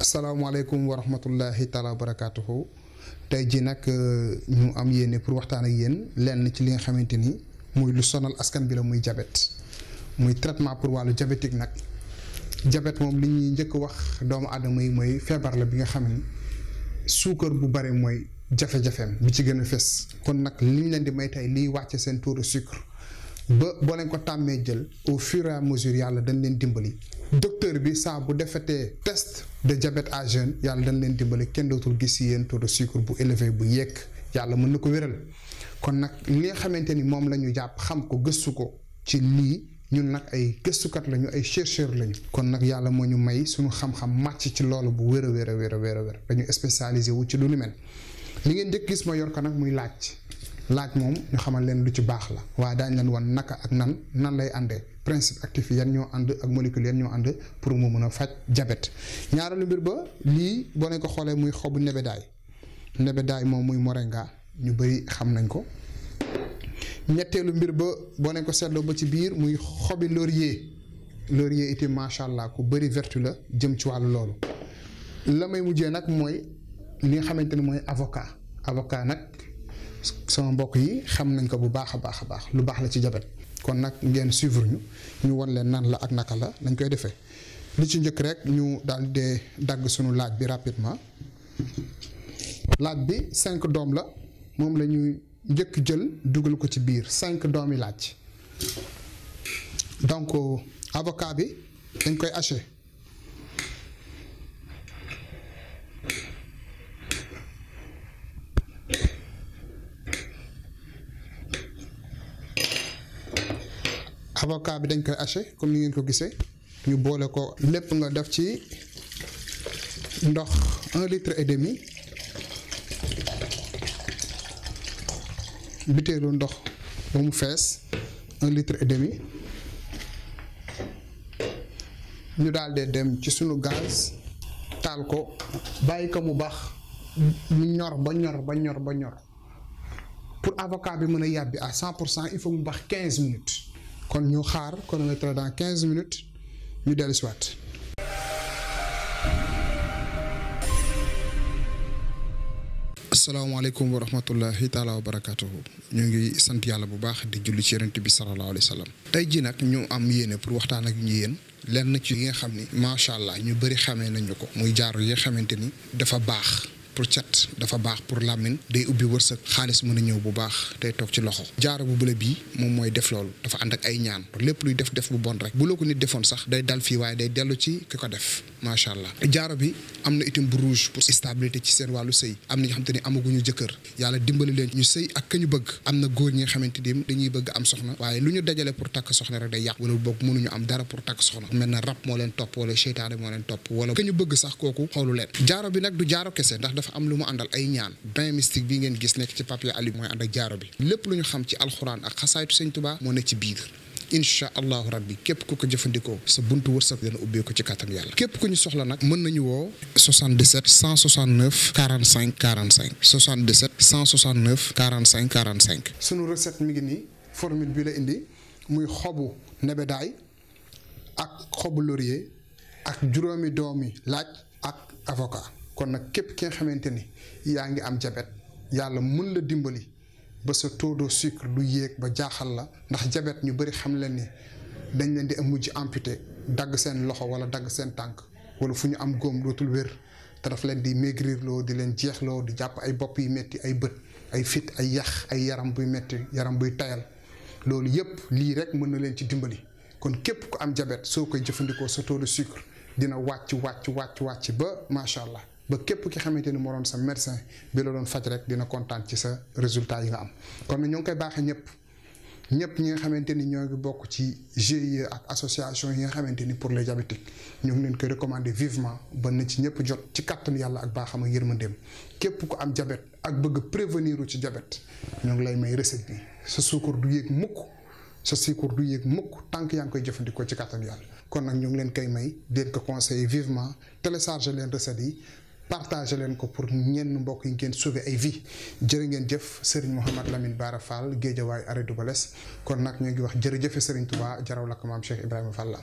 asalaamaaleykum wa rahmatullahi taala wa barakaatuhu tey jii nag euh, ñu am yéene pour waxtaan ak yéen lenn ci li nga xamante ni muy lu sonal askan bi la muy jabet muy traitement pour wàllu diabétique nag jabet moom li ñuy njëkk wax doomu adama yi mooy feebar la bi nga xam ni suukar bu bare mooy jafe-jafeem bi ci gën a fes kon nag li ñu leen di may tey liy wàcce seen taux de sucre ba boo leen ko tàmmee jël au fur et mesure yàlla dañ leen dimbali docteur bi saa bu defetee test de jabet à jeune yàlla dañ leen dimbali kenn dootul gis si yéen taux de sucre bu élevé bu yekk yàlla mën na ko wéral kon nag li nga xamante ni moom la ñu jàpp xam ko gëstu ko ci lii ñun nag ay gëstukat lañu ay chercheur lañu kon nag yàlla moo ñu may suñu xam-xam màcc ci loolu bu wér a wér a a wér a wér dañu spécialisé wu ci lu ni mel li ngeen njëkk gis ma yor ko nag muy laaj laaj moom ñu xamal leen lu ci baax la waaye daañu leen woon naka ak nan nan lay àndee principe actif yan ñoo ànd ak molécule yan ñoo ànd pour mu mën a faj jabet ñaareelu mbir ba lii bone ko xoolee muy xobu nebedaay nebedaay moom muy moringa ñu bari xam nañ ko ñetteelu mbir ba boo ko seetloo ba ci biir muy xobi laurier laurier itam macha allah ku bari vertu la jëm ci wàll loolu la may mujjee nag mooy ni nga xamante ne mooy avocat avocat nag. sama mbokk yi xam nañ ko bu baax a baax a baax lu baax la ci jabet kon nag ngeen suivre ñu ñu won leen nan la ak naka la dañ koy defe li ci njëkk rek ñu daal di dagg suñu laaj bi rapidement laaj bi cinq doom la moom la ñuy njëkk jël dugal ko ci biir cinq doomi laaj donc avocat bi dañ koy haché avocat bi dañ koy haché comme ni ngeen ko gisee ñu boole ko lépp nga def ci ndox 1 litre et demi butéelu ndox ba mu fees 1 litre et demi ñu daal dee dem ci sunu gaz taal ko bàyyi ko mu baax mu ñor ba ñor ba ñor ba ñor pour avocat bi mën a yàbbi à 100 il faut mu baax 15 minutes kon ñu xaar chronomètre dans quinze minutes ñu dellu si waat asalaamaaleykum wa rahmatullahi taala wa barakatuhu ñu ngi sant yàlla bu baax di julli ci yonent bi sallallahu alayhi wa sallam tey ji nag ñoom am yéene pour waxtaan ak ñu yéen lenn ci yi nga xam ni macha allah ñu bari xamee nañu ko muy jaaru yi nga xamante ni dafa baax pour cat dafa baax pour làmmiñ day ubbi wërsëg xaalis mën a ñëw bu baax tey toog ci loxo jaaro bu bële bii moom mooy def loolu dafa ànd ak ay ñaan lépp luy def def bu bon rek bu loo ko nit defoon sax day dal fii waaye day dellu ci ki ko def macha allah jaaro bi am na itam bu rouge pour stabilité ci seen wàllu sëy am na ñoo xamante ni amaguñu jëkkër yàlla dimbali leen ñu sëy ak ka ñu bëgg am na góor ñi nga xamante ni dañuy bëgg am soxna waaye lu ñu dajale pour takk soxna rek day yàq wala boog mënuñu am dara pour takk soxna mel na rab moo leen topp wala seytaane moo leen topp wala ka ñu bëgg sax kooku xoolu leen jaaro bi nag du dafa am lu mu àndal ay ñaan bain mystique bi ngeen gis nekk ci papier ali mooy ànd ak jaaro bi lépp lu ñu xam ci alxuraan ak xasaaytu sëñ tubaa moo ne ci biir incha allahu rabbi képp ku ko jëfandikoo sa buntu wërsëg dana ubbee ko ci kàttan yàlla képp ku ñu soxla nag mën nañu woo 77 169 45 45 77 169 45 45 sunu recette mi ngi nii formule bi la indi muy xobu nebedaay ak xobu lorie ak juróomi doomi laaj ak avocat kon nag képp ki nga xamante ni yaa ngi am jabet yàlla mën la dimbali ba sa taux de sucre du yéeg ba jaaxal la ndax jabet ñu bëri xam leen ni dañ leen di am mujj amputé dagg seen loxo wala dagg seen tànk wala fu ñu am góom dootul wér te daf leen di maigrir di leen jeexloo du jàpp ay bopp yu metti ay bët ay fit ay yax ay yaram buy metti yaram buy tayal loolu yépp lii rek mën na leen ci dimbali kon képp ku am jabet soo koy jëfandikoo sa taux de sucre dina wàcc wàcc wàcc wàcc ba macha allah. ba képp ki xamante ni moo doon sa médecin bi la don fajj rek dina kontaan ci sa résultat yi nga am kon nag ñoo ngi koy baaxee ñëpp ñëpp ñi nga xamante ni ñogi bok ci GIE ak association yi nga xamante ni pour les diabétiques ñoo ngi leen koy recommander vivement ba na ci ñëpp jot ci carton yalla ak baaxam ak yërmandeem képp ku am diabète ak bëgg prévenir ci diabète ñoo ngi lay may recette bi sa suukar du yéeg mukk sa sucre du yéeg mukk tank yang koy jëfëndiko ci carton yalla kon nak ñoo ngi leen koy may di leen ko conseiller vivement télécharger leen recette yi partagé leen ko pour ñenn mbokk yi ngeen sauver ay vie jërë ngeen jëf Serigne Mouhamad Lamine Bara Fall Géejawaay arrêt du bales kon nag ñu ngi wax jërëjëfe Serigne Touba jaraw lakk maam Cheikh Ibrahima Fall